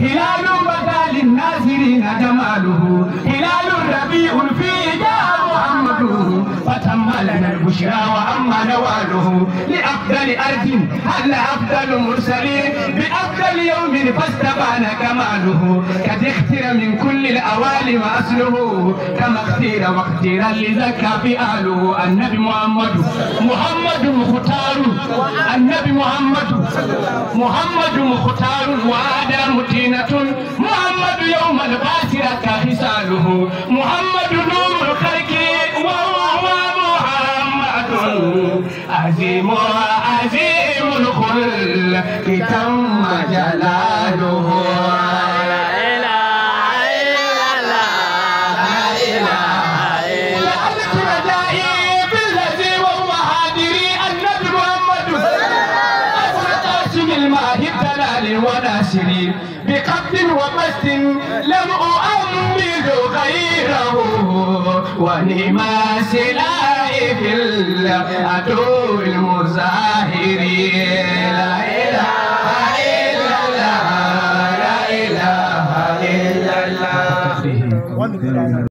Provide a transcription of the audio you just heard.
هلال بدا للناظرين جماله هلال ربيع فيه جاء محمد فتم لنا البشرى واما نواله لافضل ارض هل افضل مرسلين بافضل يوم فاستبان كماله قد اختر من كل الاوالي واصله كما اختير واختيرا لزكى فئاله النبي محمد محمد مختار النبي محمد محمد مختار وعدا والباسرة خصاله محمد نور الخلق وهو محمد عزيم عزيم الخلق وآل وناصر بقبض ومس لم أؤمل غيره ولما سلائي في العدو المزاهر لا إله إلا الله لا إله إلا الله